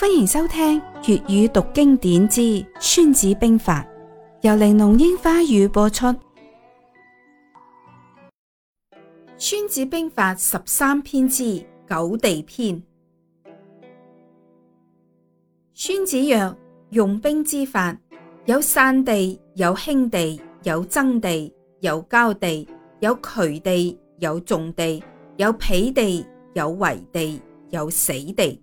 歡迎收聽粵語讀經典之《孫子兵法》，由玲瓏櫻花語播出。《孫子兵法》十三篇之九地篇。孫子曰：用兵之法，有散地，有輕地，有爭地，有交地，有衢地，有重地，有圮地，有圍地，有死地。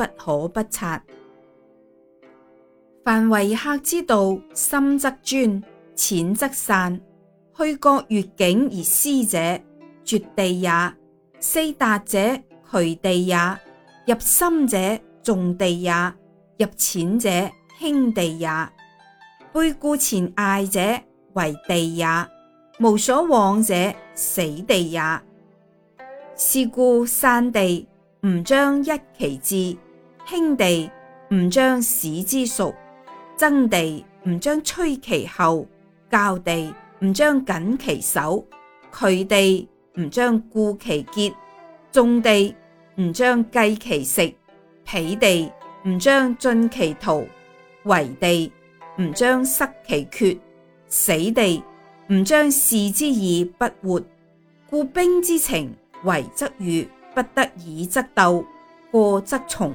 不可不察。凡為客之道，深則專，淺則散。去國越境而師者，絕地也；四達者，渠地也；入深者，重地也；入淺者，輕地也。背故前隘者，為地也；無所往者，死地也。是故散地，唔將一其志。輕地，唔將使之屬；爭地，唔將趨其後；教地，唔將緊其手；衢地，唔將固其結；重地，唔將繼其食；疲地，唔將盡其徒；圍地，唔將失其缺，死地，唔將視之以不活。故兵之情，圍則御，不得已則鬥，過則從。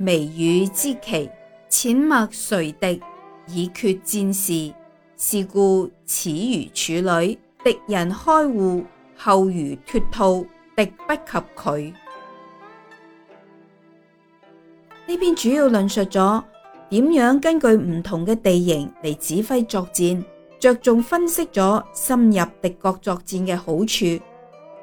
微雨之期，淺墨隨敵，以決戰事。是故，始如處女，敵人開戶後，如脫兔，敵不及拒。呢篇主要論述咗點樣根據唔同嘅地形嚟指揮作戰，着重分析咗深入敵國作戰嘅好處。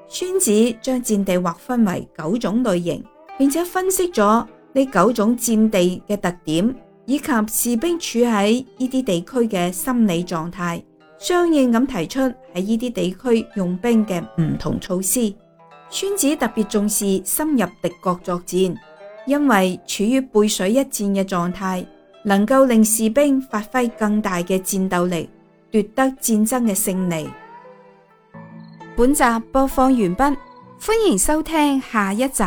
孫子將戰地劃分為九種類型，並且分析咗。呢九種戰地嘅特點，以及士兵處喺呢啲地區嘅心理狀態，相應咁提出喺呢啲地區用兵嘅唔同措施。孫子特別重視深入敵國作戰，因為處於背水一戰嘅狀態，能夠令士兵發揮更大嘅戰鬥力，奪得戰爭嘅勝利。本集播放完畢，歡迎收聽下一集。